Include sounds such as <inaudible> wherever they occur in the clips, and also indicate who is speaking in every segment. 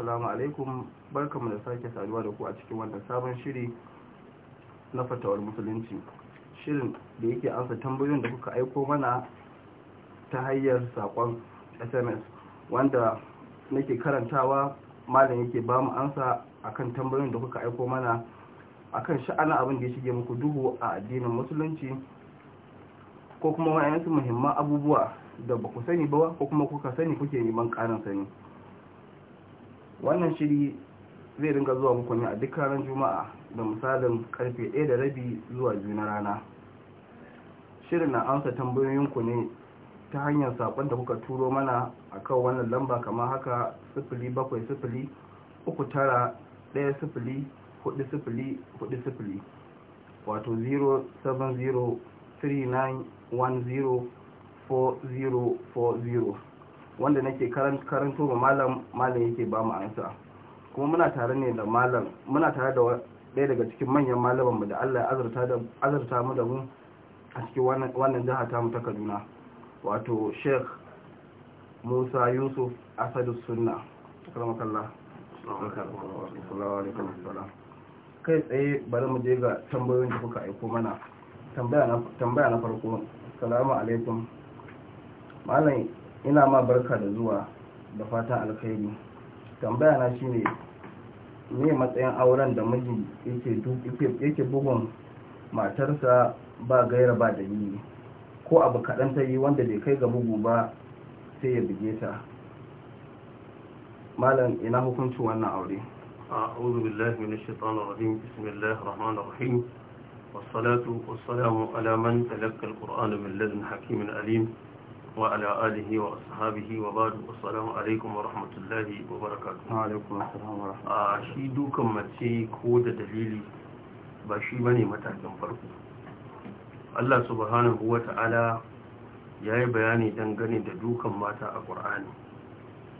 Speaker 1: assalamu alaikum barkamu da sake saduwa da ku a cikin wannan sabon shiri na fatawar musulunci shirin da yake ansa tambayoyin da kuka aiko mana ta hanyar sakon sms wanda nake karantawa malam yake ba mu ansa akan tambayoyin da kuka aiko mana akan sha'anin abin da ya shige muku duhu a addinin musulunci ko kuma wa'yansu muhimman abubuwa da ba ku sani ba ko kuma kuka sani kuke neman ƙarin sani wannan shiri zai ringa zuwa mukuni a duk ranar juma'a da misalin karfe 1 da rabi zuwa juna rana shirin na amsa tambayoyinku ne ta hanyar sakon da kuka turo mana a kan wannan lamba kamar haka 0700 uku tara ɗaya sifili hudu sifili wato 070 wanda nake karanto ma malam malam yake ba mu ansa kuma muna tare ne da malam muna tare da ɗaya daga cikin manyan malaman mu da Allah ya azurta da azurta mu da mu a cikin wannan jiha ta mu ta Kaduna wato Sheikh Musa Yusuf Asadu Sunna akramakallah kai tsaye bari mu je ga tambayoyin da kuka aiko mana tambaya na farko salamu alaikum malam ina ma barka da zuwa da fatan alkhairi tambaya na shine me matsayin auren da miji yake bugun matarsa ba gaira ba dalili ko abu kaɗan ta yi wanda bai kai ga bugu ba sai ya buge ta malam ina hukunci wannan aure
Speaker 2: أعوذ بالله من الشيطان الرجيم بسم الله الرحمن الرحيم والصلاة والسلام على من تلقى القرآن من لدن حكيم أليم وعلى آله وأصحابه وبعد السلام عليكم ورحمة الله وبركاته وعليكم السلام ورحمة الله شي دوكا متي كود دليلي باشي بني متاكين فرقو الله سبحانه وتعالى yayi bayani dangane da dukan mata a Qur'ani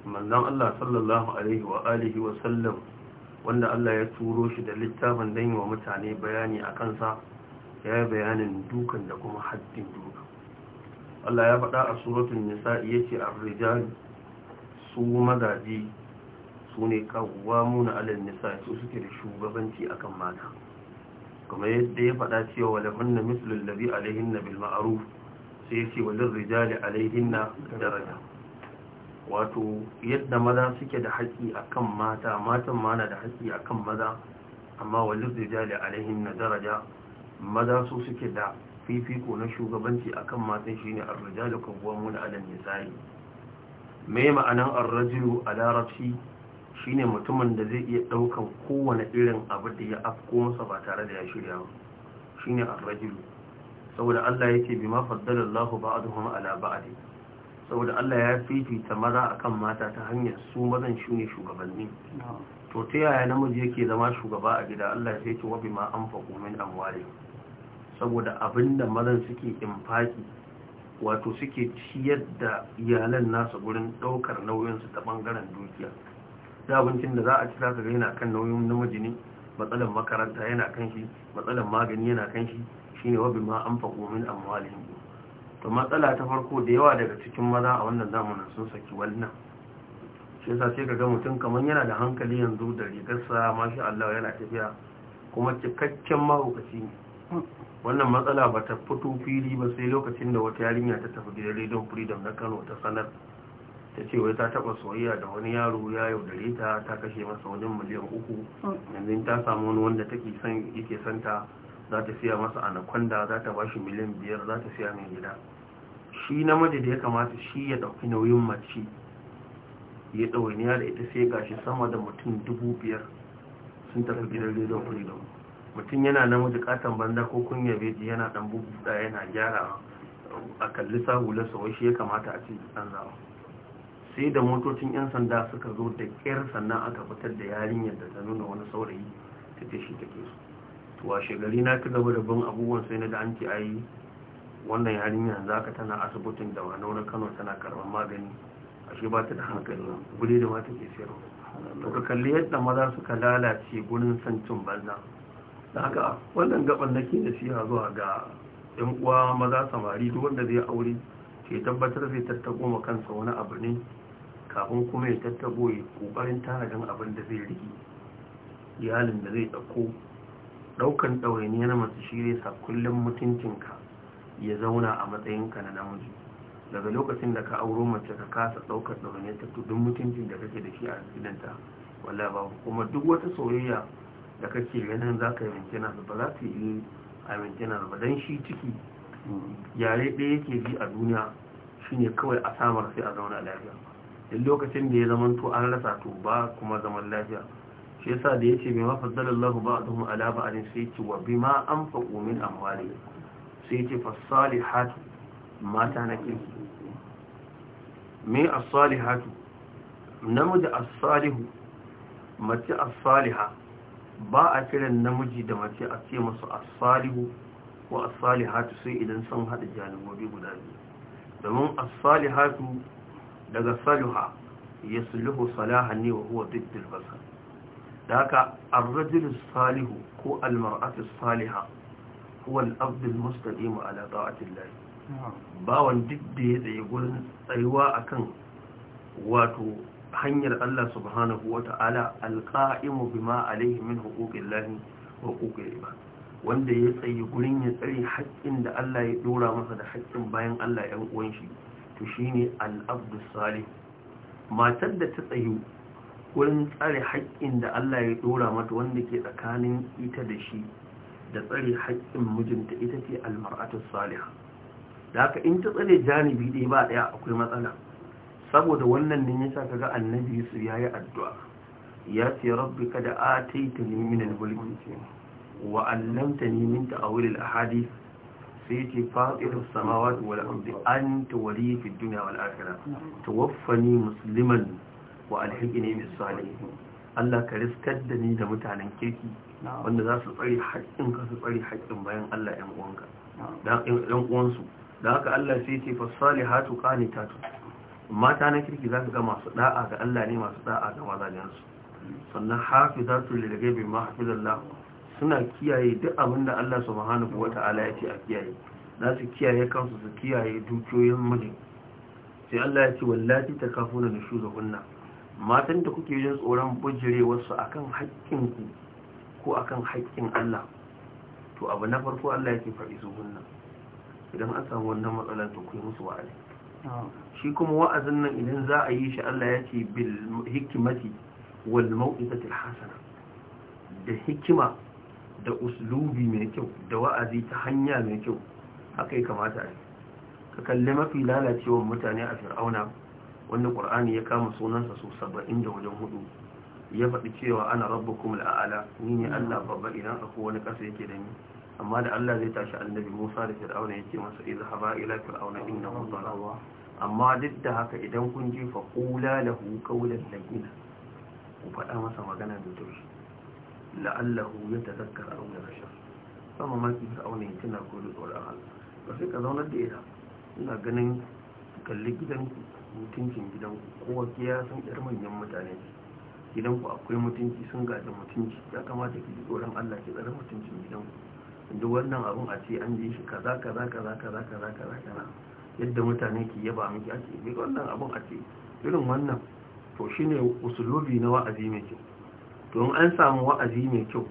Speaker 2: manzon Allah sallallahu alaihi wa wa sallam wanda Allah ya turo shi da littafin dan yi wa mutane bayani akan sa yayi bayanin dukan da kuma haddin duka Allah ya faɗa a suratun nisa'i yace ar-rijal su mazaje su ne kawwamuna 'ala an-nisa'i su suke da shugabanci akan mata kuma yadda ya faɗa cewa lahunna mithlu alladhi 'alayhinna bil ma'ruf sai yace walil rijali 'alayhinna daraja wato yadda maza suke da haƙi akan mata matan ma na da haƙi akan maza amma walil rijali 'alayhinna daraja maza su suke da fifiko na shugabanci akan matan shine ar-rijalu qawwamun 'ala an-nisa'i Mai ma'anan ar-rajulu a larabci shine mutumin da zai iya ɗaukan kowane irin abu da ya afko masa ba tare da ya shirya ba shine ar-rajulu saboda Allah yake bima faddala Allahu ba'dahum 'ala ba'd saboda Allah ya fifita maza akan mata ta hanyar su mazan ne shugabanni to ta yaya namiji yake zama shugaba a gida Allah ya ce wa bima anfaqu min amwalihim saboda abinda mazan suke infaki wato suke ciyar da iyalan nasu gurin daukar nauyinsu ta bangaren dukiya da abincin da za a ci za ka yana kan nauyin namiji ne matsalan makaranta yana kan shi matsalan magani yana kan shi shine wabi ma an faƙo min amwalin to matsala ta farko da yawa daga cikin maza a wannan zamanin sun saki wannan shi yasa sai kaga mutum kamar yana da hankali yanzu da rigarsa mashi Allah yana tafiya kuma cikakken mahaukaci ne wannan matsala ba ta fito fili ba sai lokacin da wata yarinya ta tafi gidan rediyon freedom na kano ta sanar ta ce wai ta taba soyayya da wani yaro ya yaudare ta ta kashe masa wani miliyan uku yanzu ta samu wani wanda take san yake santa za ta siya masa anaconda za ta bashi miliyan biyar za ta siya mai gida shi namiji da ya kamata shi ya ɗauki nauyin mace ya ɗawainiya da ita sai gashi sama da mutum dubu biyar sun tafi gidan rediyon freedom mutum yana namiji katon banza ko kunya beji yana dan bubuda yana gyara a kalli sahula wai shi ya kamata a ce an zama sai da motocin yan sanda suka zo da kyar sannan aka fitar da yarinyar da ta nuna wani saurayi ta ce shi take su to washe gari na ta gaba da bin abubuwan sai na da an a yi wannan yarinyar za ka tana asibitin da wa wani kano tana karɓar magani ashe ba ta da hankali gudu da ma take sayarwa to ka kalli yadda maza suka lalace gurin san cin banza da haka wannan gaban nake da shi zuwa ga yan uwa maza samari duk wanda zai aure ke tabbatar zai tattabo ma kansa wani abu ne kafin kuma ya tattabo ya kokarin tanadin abin da zai riki iyalin da zai dauko daukan ɗawainiya na masu shi ne sa kullum mutuncinka ya zauna a matsayinka na namiji daga lokacin da ka auro mace ka kasa daukar ɗawainiya ta tudun mutuncin da kake da shi a gidanta walla ba kuma duk wata soyayya da kake ganin za ka yi maintenance ba za ka yi a maintenance ba don shi ciki yare ɗaya yake bi a duniya shine kawai a samar sai a zauna lafiya duk lokacin da ya zaman to an rasa to ba kuma zaman lafiya shi yasa da yace bima faddalallahu ba'dhum ala ba'din sai yace wa an anfaqu min amwalihim sai ce yace fasalihatu mata na kirki me as-salihatu namiji a salihu mace as-salihah ba a kiran namiji da mace a ce masu asalihu ko asalihatu sai idan sun haɗa janibobi guda biyu domin asalihatu daga saluha ya sulhu salaha ne wa huwa diddil basar da haka arrajul salihu ko almar'atu saliha huwa al-abd ala bawan duk da ya tsaye gurin tsayuwa akan wato hanyar Allah subhanahu wa ta'ala alƙa'imu bima alaihi min hukukin lahi wa riba wanda ya tsaye gurin ya tsare haƙƙin da Allah ya ɗora masa da haƙƙin bayan Allah ‘yan uwan shi to shi ne al'abdus salih matar da ta tsaye gurin tsare haƙƙin da Allah ya ɗora mata wanda ke tsakanin ita da shi da tsare haƙƙin mijinta ita ce almar'atus salih da haka in ta tsare janibi ɗaya ba ɗaya akwai matsala saboda wannan ne yasa kaga annabi su yayi addu'a ya ce rabbi kada ataitani min al-mulki wa allamtani min ta'wil al-ahadith سيتي فاطر السماوات والأرض أنت ولي في الدنيا والآخرة wa مسلما وألحقني بالصالحين Allah ka riskar da ni da mutanen kirki wanda za su tsari haƙƙin ka su tsari haƙƙin bayan Allah ‘yan uwanka, ‘yan uwansu, da haka Allah sai ce fasali hatu ƙani tatu, mata na kirki za su ga masu da'a ga Allah ne masu da'a ga mazajensu sannan hafizatu lil ghaibi ma hafizallah suna kiyaye duk abin da Allah wata ala ya ce a kiyaye za su kiyaye kansu su kiyaye dukiyoyin miji sai Allah ya ce ta nishu da kunna matan da kuke jin tsoron wasu akan haƙƙin ku ko akan haƙƙin Allah to abu na farko Allah ya ce kunna idan an samu wannan matsalar to ku yi musu wa'azi shi kuma wa'azin nan idan za a yi shi Allah ya ce bil hikimati wal mau'izati hasana da hikima da uslubi mai kyau da wa'azi ta hanya mai kyau haka ya kamata a ka kalli mafi lalacewar mutane a fir'auna wanda qur'ani ya kama sunansa su saba'in da wajen hudu ya faɗi cewa ana rabbukum al'ala ni ne Allah babba idan akwai wani ƙasa yake da ni amma da Allah zai tashi annabi Musa da Fir'auna yake masa haba ila fir'auna innahu zalawa amma duk da haka idan kun ji fa qula lahu qawlan layyina ku faɗa masa magana da taushi la'allahu yatadhakkar aw yakhsha ma ki fir'auna yake na ko da tsoron Allah ba sai ka zauna da ita ina ganin kalli gidanku mutuncin gidanku kowa ya san yar manyan mutane gidanku akwai mutunci sun gaji mutunci ya kamata ki ji tsoron Allah ki tsare mutuncin gidanku duk wannan abun a ce an ji shi kaza kaza kaza kaza kaza kaza kaza yadda mutane ke yaba miki ake duk wannan abun a ce irin wannan to shine usulubi na wa'azi mai kyau to an samu wa'azi mai kyau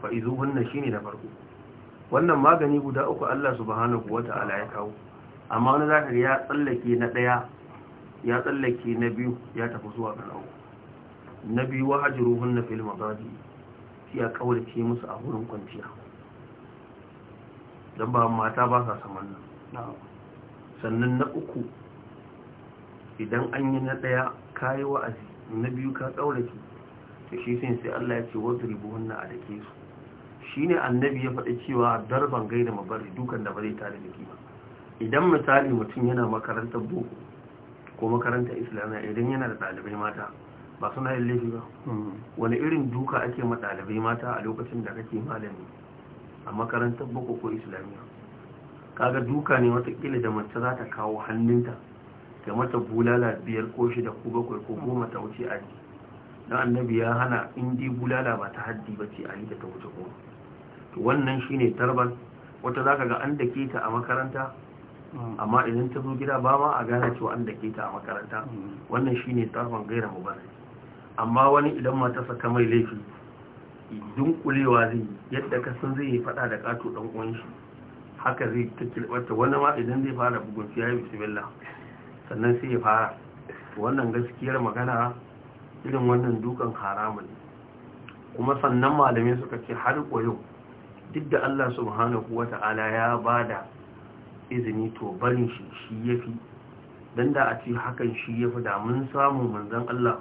Speaker 2: fa wannan shine na farko wannan magani guda uku Allah subhanahu wata'ala ya kawo amma wani zaka ga ya tsallake na daya ya tsallake na biyu ya tafi zuwa ga na uku na biyu hunna fil mazaji ya kaurace musu a wurin kwanciya don ba mata ba sa saman nan sannan na uku idan an yi na ɗaya kayi wa'azi na biyu ka kaurace ta shi sai sai Allah ya ce wata ribu wannan a dake su shi ne annabi ya faɗi cewa darban gaida mabari dukan da ba zai tare da kima idan misali mutum yana makarantar boko ko makarantar islamiyya idan yana da ɗalibai mata ba suna yin laifi ba mm. wani irin duka ake ɗalibai mata a lokacin da kake malami a makarantar boko ko islamiyya kaga duka ne watakila da mace za ta kawo hannunta ga mata bulala biyar ko shida ko bakwai ko goma ta wuce a ji don annabi ya hana indi bulala ba ta haddi ba ce a yi da ta wuce goma wannan shine tarbar wata za ka ga an dake ta a makaranta mm. amma idan ta zo gida ba ma a gane cewa an dake ta a makaranta mm. wannan shine tarbar gaira mubarak amma wani idan matarsa ta mai laifi dunkulewa zai yadda kasan zai yi fada da kato dan uwan shi haka zai ta wata wani ma idan zai fara bugun fiye ya bisimila sannan sai ya fara wannan gaskiyar magana irin wannan dukan haramu ne kuma sannan malamai suka ce har koyo duk da Allah subhanahu wata'ala ta'ala ya bada izini to barin shi shi yafi dan da a ce hakan shi yafi da mun samu manzon Allah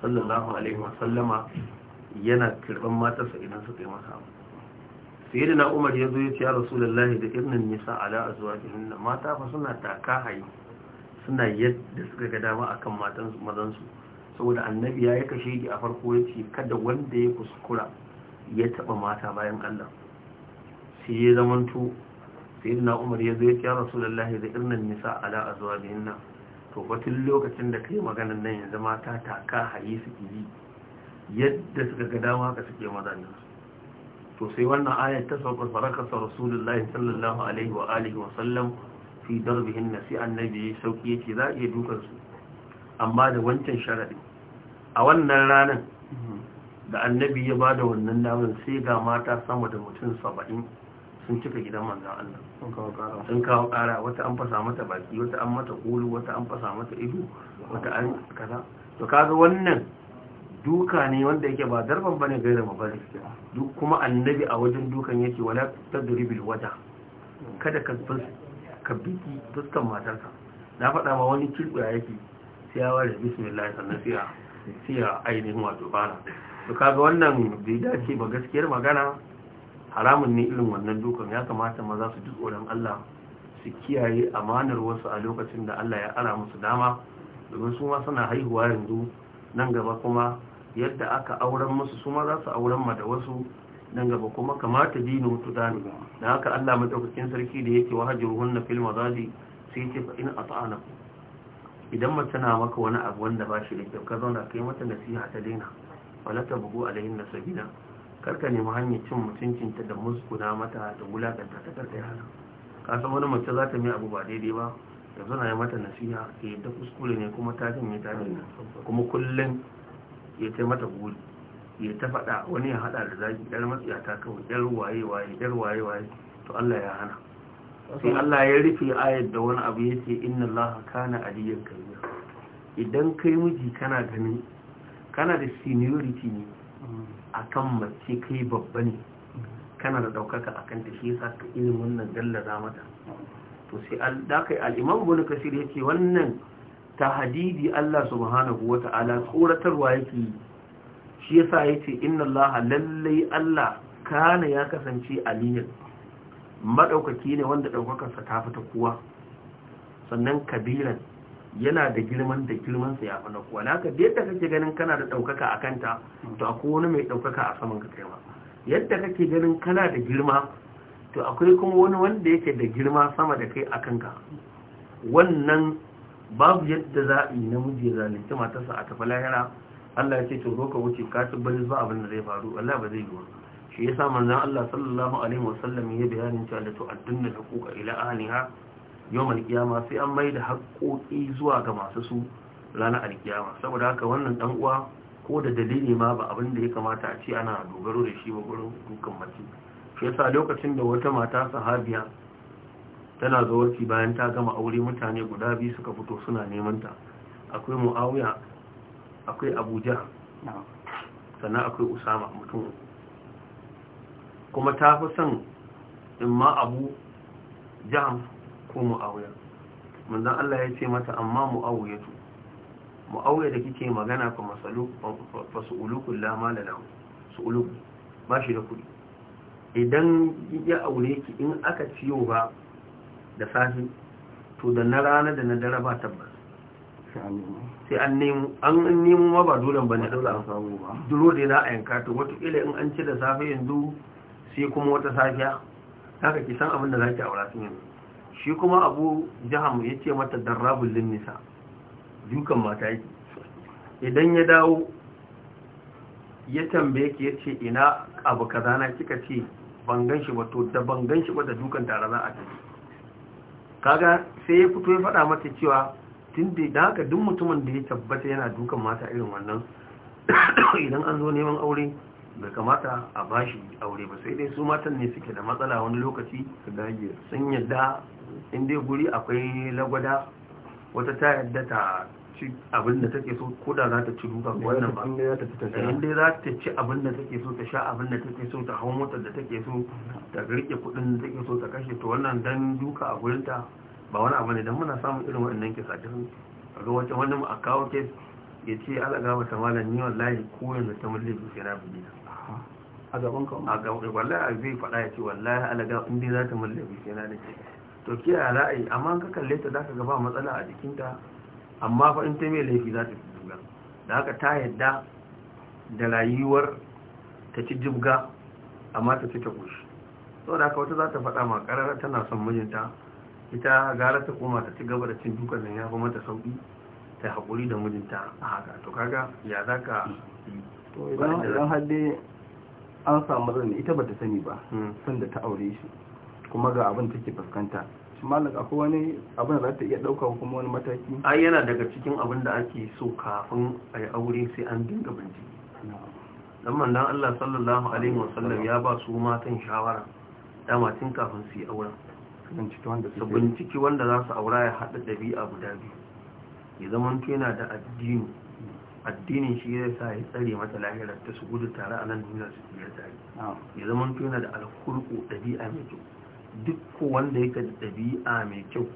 Speaker 2: sallallahu alaihi wasallama yana karban matarsa idan suka yi masa abu sai da na umar ya ya ce ya rasulullahi da irin nisa ala azwajihinna mata fa suna taka hayi suna yadda suka ga dama akan matan mazansu saboda annabi ya yi kashe a farko ya ce kada wanda ya kuskura ya taba mata bayan Allah sai ya zamanto sai da na umar ya ya ce ya rasulullahi da irin nisa ala azwajihinna to batun lokacin da ka yi maganin nan yanzu mata ta ka haye suke yi yadda suka ga dama ka suke mazanin to sai wannan ayar ta saukar farakasa rasulullahi sallallahu alaihi wa alihi wa sallam fi darbihin sai annabi ya yake za a iya dukansu amma da wancan sharaɗi a wannan ranar da annabi ya ba da wannan damar sai ga mata sama da mutum saba'in sun cika gidan manzan Allah sun kawo kara wata an fasa mata baki wata an mata kulu wata an fasa mata ido wata an kaza to kaga wannan duka ne wanda yake ba darban bane gaira mabari duk kuma annabi a wajen dukan yake wala tadribil wata kada ka ka biki fuskan matarka na faɗa ma wani kirɓa yake sai ya ware bismillah sannan sai ya ainihin wato bana to kaga wannan bai dace ba gaskiyar magana haramun ne irin wannan dukan ya kamata maza su ji tsoron Allah su kiyaye amanar wasu a lokacin da Allah ya ara musu dama domin su ma suna haihuwa yanzu nan gaba kuma yadda aka auren musu su ma za su auren ma da wasu nan gaba kuma kamata ne mutu dani da haka Allah madaukakin sarki da yake wahajiruhunna fil mazaji sai ce fa in ata'anakum idan mace na maka wani abu wanda ba shi da kyau ka zauna kai mata nasiha ta daina wala ta bugu alayhin na karka nemi hanyar cin mutuncinta da muskuna mata da wulakanta ta karka yi hana wani mace za ta mai abu ba daidai ba da zana ya mata nasiha ta yadda kuskure ne kuma ta jin mai tafi kuma kullum ya ta mata guri ya ta faɗa wani ya haɗa da zaki ɗar matsiya ta kawai ɗar waye waye ɗar waye waye to Allah ya hana sai Allah ya rufe ayar da wani abu ya ce inna Allah kana aliyan kariya idan kai miji kana gani kana da seniority ne akan mace kai babba ne kana da ɗaukaka a kanta shi yasa ka ilimin nan gallaza mata to sai al, da kai al'imam bin kasir yake wannan tahdidi Allah subhanahu wata'ala ta'ala tsoratarwa yake shi yasa ya inna Allah lallai Allah kana ya kasance aliyin maɗaukaki ne wanda ɗaukakarsa ta fita kuwa. sannan kabiran yana da girman da girmansa ya fana kuwa naka da yadda kake ganin kana da ɗaukaka a kanta to akwai wani mai ɗaukaka a saman ka kai ma yadda kake ganin kana da girma to akwai kuma wani wanda yake da girma sama da kai a kanka wannan babu yadda za a yi namiji ya zalunci matarsa a tafi lahira Allah ya ce to zo ka wuce ka ci bari zuwa abin da zai faru Allah ba zai yi ba shi yasa manzon Allah sallallahu alaihi wa sallam ya bayanin cewa da to addunna huquqa ila ahliha yawm alqiyama sai an mai da haƙoƙi zuwa ga masu su ranar alkiyama saboda haka wannan dan uwa ko da dalili ma ba abin da ya kamata a ce ana dogaro da shi ba gurin dukkan mace shi yasa lokacin da wata mata sahabiya tana zawarci bayan ta gama aure mutane guda biyu suka fito suna neman ta akwai muawiya akwai abuja sannan akwai usama mutum kuma ta fi son in ma abu jam ko mu'awiyar manzan Allah ya ce mata amma mu'awiyatu aure da kike magana fa masalu fa su'ulukul la mala lahu su'uluk ba shi da kuɗi idan ya aure ki in aka ciyo ba da safi to da na rana da na dare ba tabbas sai an nemo an nemo ma ba dole bane dole an samu ba duro dai za a yanka to wato ila in an ci da safi yanzu sai kuma wata safiya haka ki san abin da zaki aura tun yanzu shi kuma abu jaham yace mata darrabul linnisa dukan mata yake idan ya dawo ya tambaye ki ya ce ina abu kaza kika ce ban gan shi ba to da ban gan shi ba da dukan tare za a tafi kaga sai ya fito ya faɗa mata cewa tun da haka duk mutumin da ya tabbata yana dukan mata irin wannan <coughs> idan an zo neman aure da kamata a bashi aure ba sai dai su matan ne suke da matsala wani lokaci sun yadda inda guri akwai lagwada wata ta yadda ta ci abin da take so ko da za ta ci duka wannan ba inda za ta ci abin da take so ta sha abin da take so ta hau motar da take so ta rike kudin da take so ta kashe to wannan dan duka a gurinta ba wani abu ne dan muna samun irin waɗannan kisa din kaga wata wani mu akawo kes ya ce ala ga ta malam ni wallahi ko yanzu ta mulli bi sai na bi gida a gaban ka a ga wallahi zai faɗa ya ce wallahi ala ga inda za ta mulli bi sai na ke to kiyaye ra'ayi amma ka kalle ta zaka ga ba matsala a jikinta amma fa in ta mai laifi za ta jibga da haka ta yadda da rayuwar ta ci jibga amma ta ci ta kushi sau da haka wata za ta faɗa ma ƙarara tana son mijinta ita gara ta koma ta ci gaba da cin dukan nan ya fi mata sauƙi ta haƙuri da mijinta a haka to kaga ya za ka
Speaker 1: idan har dai an samu zan ita ba ta sani ba hmm. sanda ta aure shi kuma ga abin take fuskanta malam akwai wani abin da za ta iya ɗauka kuma
Speaker 2: wani mataki ai yana daga cikin abin da ake so kafin a yi aure sai an dinga binciki dan mandan Allah sallallahu alaihi wasallam ya ba su matan shawara dama tun kafin su yi auren su binciki wanda za su aura ya haɗa ɗabi'a guda biyu ya zama yana da addini addinin shi ya sa ya tsare mata lahirar ta su gudu tare a nan duniya su tare ya zama yana da alkurku ɗabi'a mai kyau duk wanda yake da ɗabi'a mai kyau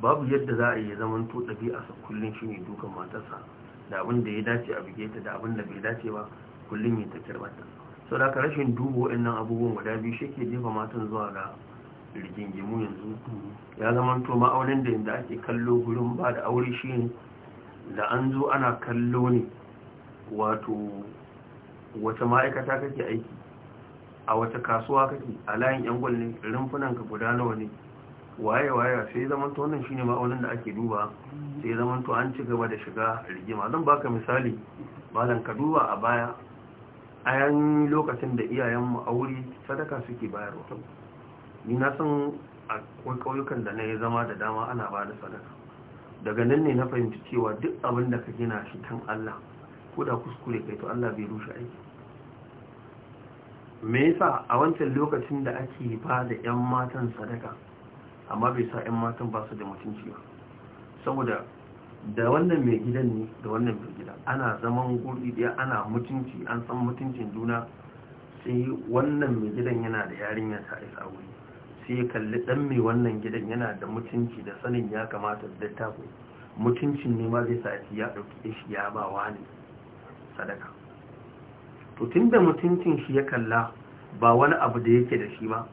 Speaker 2: babu yadda za a yi zaman to ɗabi'a sa kullum shi ne dukan matarsa da abin da ya dace a bige ta da abin da bai dace ba kullum ya ta kirbata sau da rashin dubo wa'annan abubuwan guda biyu shi ke jefa matan zuwa ga rigingimu yanzu ya zaman to ma'aunin da yadda ake kallo gurin ba da aure shi ne da an zo ana kallo ne wato wata ma'aikata kake aiki a wata kasuwa kake a layin yan gwal ne rumfunan ka guda nawa ne waye waye sai zaman to wannan shine ma'aunin da ake duba sai zaman to an ci gaba da shiga rigima zan baka misali malam ka duba a baya a yan lokacin da iyayen mu aure sadaka suke bayarwa ni na san a kauyukan da na yi zama da dama ana ba da sadaka daga nan ne na fahimci cewa duk abin da ka gina shi kan Allah ko da kuskure kai to Allah bai rushe aiki me yasa a wancan lokacin da ake ba da 'yan matan sadaka amma bai sa 'yan matan ba su da mutunci ba saboda da wannan mai gidan ne da wannan mai gida ana zaman gurbi daya ana mutunci an san mutuncin juna sai wannan mai gidan yana da yarinya ta isa wuri sai kalli dan mai wannan gidan yana da mutunci da sanin ya kamata da tafi mutuncin ne ma zai sa ya ɗauki shi ya ba wani sadaka to tun da mutuncin shi ya kalla ba wani abu da yake da shi ba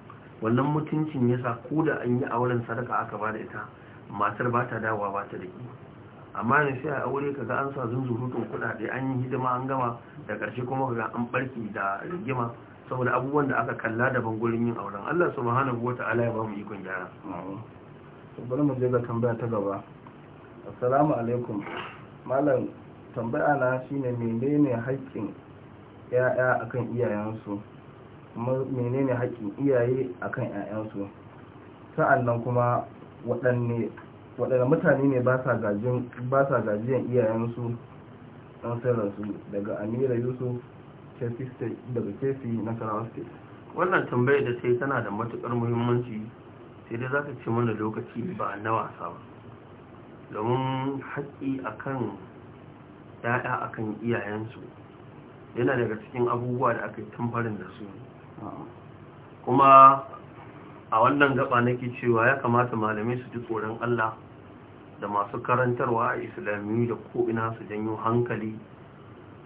Speaker 2: wannan mutuncin yasa ko da an yi auren sadaka aka ba da ita matar ba ta dawowa ba ta da amma ne sai a aure ka ga an sa zunzurutun kuɗaɗe an yi hidima an gama da ƙarshe kuma ka an barki da rigima saboda abubuwan da aka kalla da gurin yin auren Allah
Speaker 1: subhanahu wata'ala ya ba mu ikon gyara bari mu je ga tambaya ta gaba assalamu alaikum malam tambaya na shine menene haƙƙin 'ya'ya akan iyayensu mene menene haƙƙin iyaye akan 'ya'yansu sa'annan kuma waɗanne mutane ne ba sa gajiyan iyayensu ɗan sirrinsu daga amira yusuf daga kefi nasarawa state
Speaker 2: wannan tambayar da sai tana da matuƙar muhimmanci sai dai za ka ce mana lokaci ba na wasa ba domin haƙƙi akan 'ya'ya akan iyayensu yana daga cikin abubuwa da aka yi tamfarin da su ah. kuma a wannan gaba nake cewa ya kamata malamai su ji tsoron Allah da masu karantarwa a islamiyu da ko'ina su janyo hankali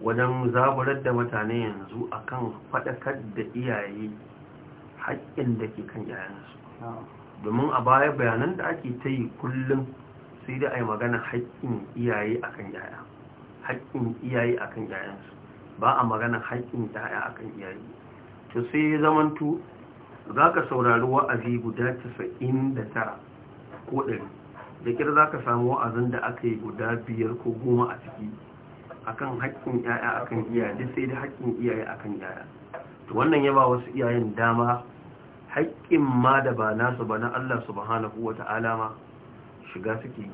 Speaker 2: wajen zaburar da mutane yanzu akan faɗakar da iyaye haƙƙin da ke kan yayansu ah. domin a baya bayanan da ake ta yi kullum sai da a yi magana haƙƙin iyaye a yaya haƙƙin iyaye akan yayansu ba a magana haƙƙin a kan iyaye to sai ya zamantu za ka saurari wa'azi guda 99 ko 100 da kira za ka samu wa'azin da aka yi guda biyar ko goma a ciki a kan haƙƙin ya'ya akan iyaye duk sai da haƙƙin iyaye kan ya'ya to wannan ya ba wasu iyayen dama haƙƙin ma da ba nasu ba na Allah subhanahu wa ta'ala ma shiga suke yi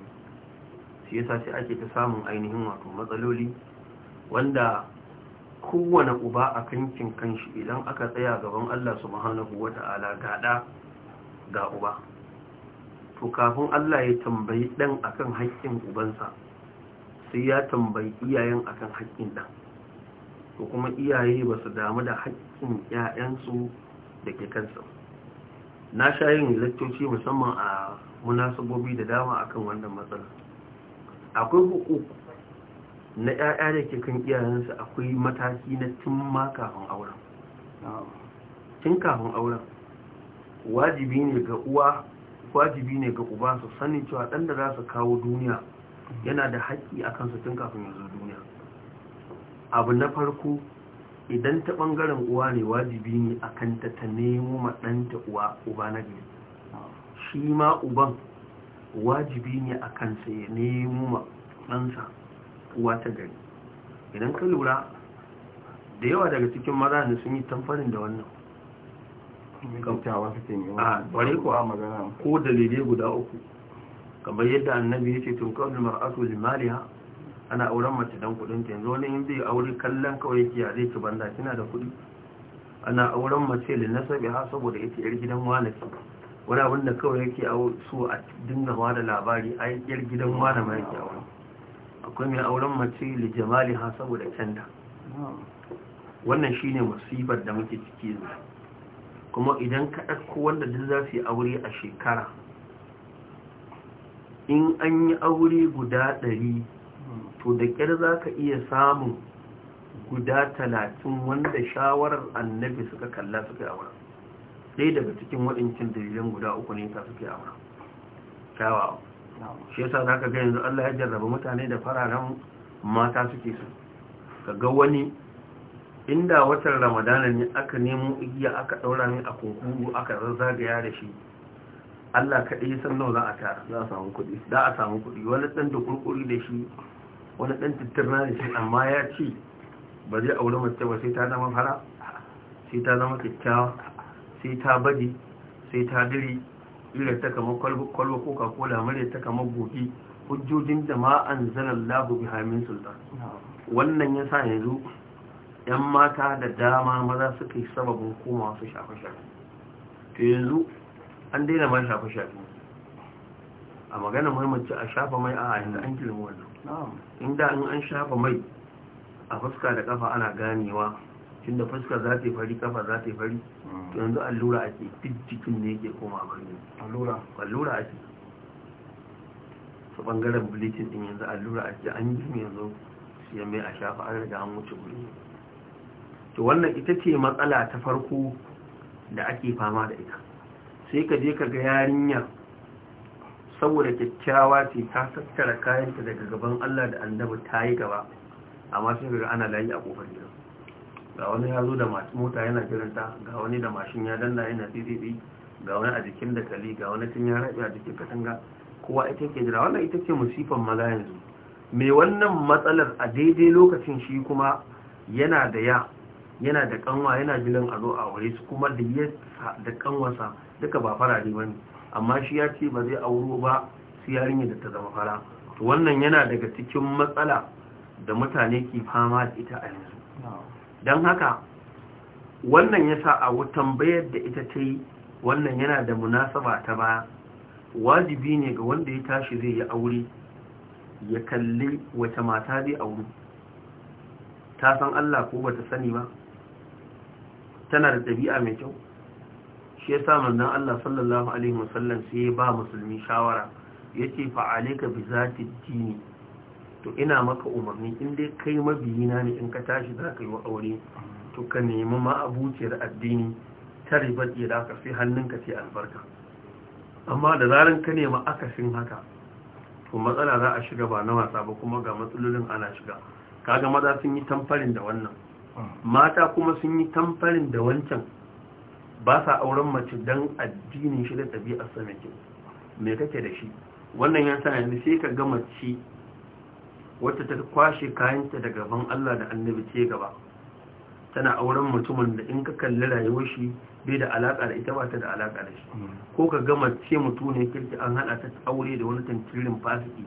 Speaker 2: shi yasa sai ake ta samun ainihin wato matsaloli wanda kowane uba a kankin kanshi idan aka tsaya gaban Allah subhanahu ta ala gada ga uba to kafin Allah ya tambayi dan akan haƙƙin ubansa sai ya tambayi iyayen akan haƙƙin dan to kuma iyaye ba su damu da haƙƙin ƴaƴansu da ke kansa na sha yin lakcoci musamman a munasabobi da dama akan wannan matsala akwai hukuku na ƴaƴa da ke kan iyayensu akwai mataki na tun ma kafin auren tun kafin auren wajibi ne ga uwa wajibi ne ga uba su sani cewa ɗan da za su kawo duniya yana da haƙƙi a kansu tun kafin ya zo duniya abu na farko idan ta ɓangaren uwa ne wajibi ne a kanta ta nemo maɗanta uwa uba na gari shi ma uban wajibi ne a kansa ya nemo ɗansa uwa ta gari idan ka lura da yawa daga cikin maza ne sun yi tamfarin da wannan ah, ko dalilai guda uku kamar yadda annabi ya ce tunkar da mar'atu limaliya ana auren mace don kudin ta yanzu wani yin zai aure kallon kawai a zai ci banda kina da kudi ana auren mace da nasabi ha saboda ita yar gidan walaki wani abin kawai yake so a dinga da labari a yar gidan wani mara kyawa akwai mai auren mace jamali ha saboda canta wannan shine musibar da muke ciki yanzu kuma idan ka ɗauko wanda duk za su yi aure a shekara in an yi aure guda ɗari to da ƙyar za ka iya samun guda talatin wanda shawarar annabi suka kalla suka yi sai daga cikin waɗancan dalilan guda uku ne ta suka yawa. shi yasa zaka ga yanzu Allah ya jarraba mutane da fararen mata suke su ga wani inda watan ramadana ne aka nemo igiya aka daura ne a kunkuru aka zazzagaya da shi Allah kaɗai ya san nawa za a tara za a samu kuɗi za a samu kuɗi wani ɗan da kurkuri da shi wani ɗan tittirna da shi amma ya ce ba zai aure mace ba sai ta zama fara sai ta zama kyakkyawa sai ta badi sai ta diri illa ta kamar kwalba coca cola mare ta kamar gobe hujjojin da ma an zana lagu bi hamin sultan wannan ya sa yanzu yan mata da dama maza suka yi sababin koma su shafe-shafe to yanzu an daina ma shafe-shafe a magana muhimmanci a shafa mai a da an kilimi wannan inda an shafa mai a fuska da kafa ana ganewa tunda da fuska za ta yi fari kafa za ta yi fari to yanzu allura ake duk jikin ne ke koma birni allura allura ake su bangaren bleaching din yanzu allura ake an yi yanzu su yamme a shafa an riga an wuce wuri to wannan ita ce matsala ta farko da ake fama da ita sai ka je ka ga yarinya saboda kyakkyawa ce ta tattara kayanta daga gaban Allah da annabi ta yi gaba amma sai ga ana layi a kofar gidan ga wani ya zo da mota yana jiranta ga wani da mashin ya danna yana ddb ga wani a jikin da kali ga wani tun ya rabi a jikin katanga kowa ita ke jira wannan ita ce musifan maza yanzu mai wannan matsalar a daidai lokacin shi kuma yana da ya yana da kanwa yana jiran a zo a wuri su kuma da ya da kanwarsa duka ba farare ba ne amma shi ya ce ba zai auro ba su yarinyar da ta zama fara wannan yana daga cikin matsala da mutane ke fama da ita a yanzu don haka wannan ya sa a tambayar da ita ta yi wannan yana da munasaba ta baya wajibi ne ga wanda ya tashi zai yi aure ya kalli wata mata zai aure ta san Allah ko bata sani ba tana da ɗabi'a mai kyau shi ya sa manzon Allah sallallahu alaihi wasallam sai ya ba musulmi shawara yace fa alayka bi zati dini to ina maka umarni in dai kai mabiyina ne in ka tashi za ka yi wa aure to ka nemi ma'abuciyar addini ta ribar iya da aka fi hannunka ce albarka amma da zarar ka nema akasin haka to matsala za a shiga ba na wasa ba kuma ga matsalolin ana shiga kaga maza sun yi tamfarin da wannan mata kuma sun yi tamfarin da wancan ba sa auren mace don addinin shi da ɗabi'ar sanakin mai kake da shi wannan ya sa yanzu sai ka ga mace wata ta kwashe kayanta da gaban Allah da annabi ce gaba tana auren mutumin da in ka kalli rayuwar shi bai da alaka da ita ba ta da alaka da shi hmm. ko ka gama ce mutum ne kirki an hada ta aure da wani tantirin fasiki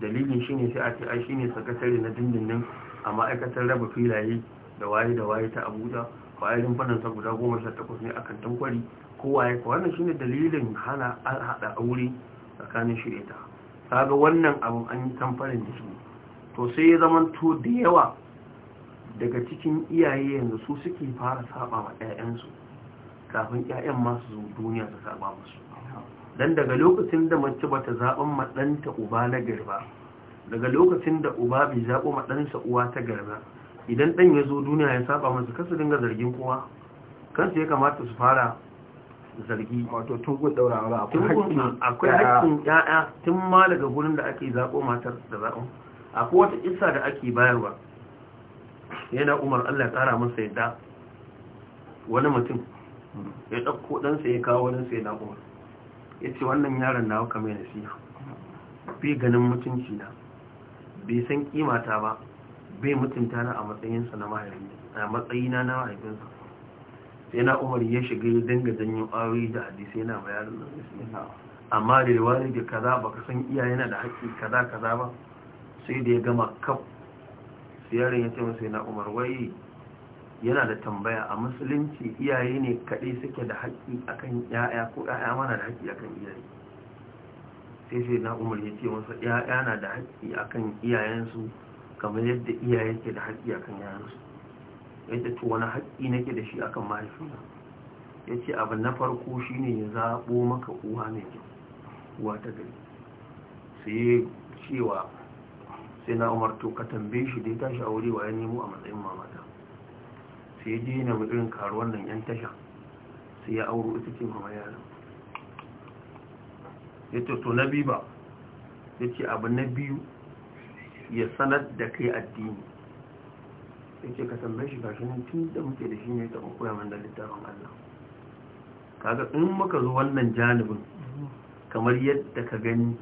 Speaker 2: dalilin shi ne sai a ce ai shi ne sakatare na dindindin a ma'aikatar raba filaye da waye da waye ta abuja kwayarin fanansa guda goma sha takwas ne akan tankwari waye ko wannan shine dalilin hana hada aure tsakanin shi da ita kaga wannan abun an yi tamfarin da shi to sai ya zama to da yawa daga cikin iyaye yanzu su suke fara saba wa ƴaƴansu kafin 'ya'yan masu zo duniya su saba musu dan daga lokacin da mace bata zaɓin maɗanta uba na garba daga lokacin da uba bai ma maɗansa uwa ta garba idan ɗan ya zo duniya ya saba musu kasu dinga zargin kowa kansu ya kamata su fara
Speaker 1: zargi wato tukun daura akwai hakkin
Speaker 2: ya'ya tun ma daga gurin da ake zaɓo matar da zaɓon akwai wata isa da ake bayarwa yana umar Allah tsara masa yadda wani mutum ya ɗauko ɗansa ya kawo wani sai na umar ya ce wannan yaron na waka mai nasiha fi ganin mutunci na bai san kimata ba bai mutunta na a matsayinsa na matsayina na mahaifinsa sai na umar ya shiga ya dinga zanyi ƙwari da hadisai na bayanin nan amma da riwari da kaza baka san iyayena da haƙƙi kaza kaza ba sai da ya gama kaf siyarin ya ce masu na umar wai yana da tambaya a musulunci iyaye ne kaɗai suke da haƙƙi akan ya'ya ko ya'ya mana da haƙƙi akan iyaye sai sai na umar ya ce masa ya'ya na da haƙƙi akan iyayensu kamar yadda iyaye ke da haƙƙi akan yayansu yadda to wani haƙƙi nake da shi akan mahaifina ya ce abu na farko shine ya zaɓo maka uwa mai kyau uwa ta gari sai cewa sai na umar to ka tambaye shi da ya tashi aure wa ya nemo a matsayin mamata sai ya je na irin karuwan nan yan tasha sai ya auro ita ce mama yaran ya ce to na biyu ba ya ce abu na biyu ya sanar da kai addini ya ce ka tambaye shi gashi nan tun da muke da shi ne ta koya man da littafin Allah kaga in muka zo wannan janibin kamar yadda ka gani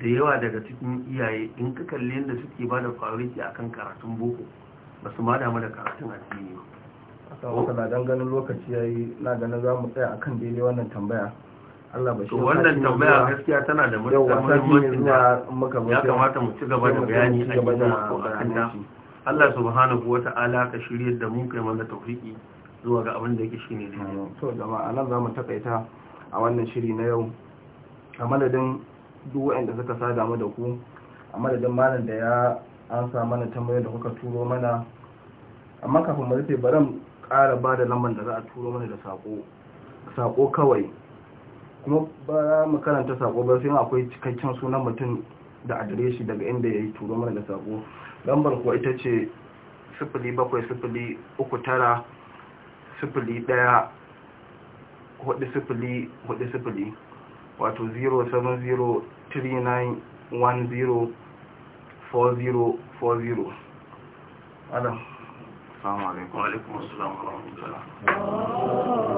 Speaker 2: da yawa daga cikin iyaye in ka kalli yadda suke ba da kwariki a kan karatun boko ba su ma damu da
Speaker 1: karatun cikin ba a na don ganin lokaci ya yi na ganin za mu tsaya kan daidai wannan tambaya Allah ba shi wannan tambaya gaskiya tana da matuƙar ya kamata mu ci gaba da bayani a gina ko a kan
Speaker 2: Allah subhanahu wa ta'ala ka
Speaker 1: shirya da mu kai mana tawfiki zuwa ga abin da yake shine daidai to jama'a nan za mu takaita a wannan shiri na yau a madadin duk waɗanda suka sada mu da ku a madadin malam da ya ansa mana tambayar da kuka turo mana amma kafin mu rufe bari ƙara ba da lambar da za a turo mana da sako sako kawai kuma ba mu karanta sako ba sai akwai cikakken sunan mutum da adireshi daga inda ya yi turo mana da sako lambar kuwa ita ce sifili sifili uku tara ɗaya hudu sifili hudu sifili wato 39104040 Adam.
Speaker 2: Assalamu alaikum. Wa alaikum assalam wa rahmatullah. Oh.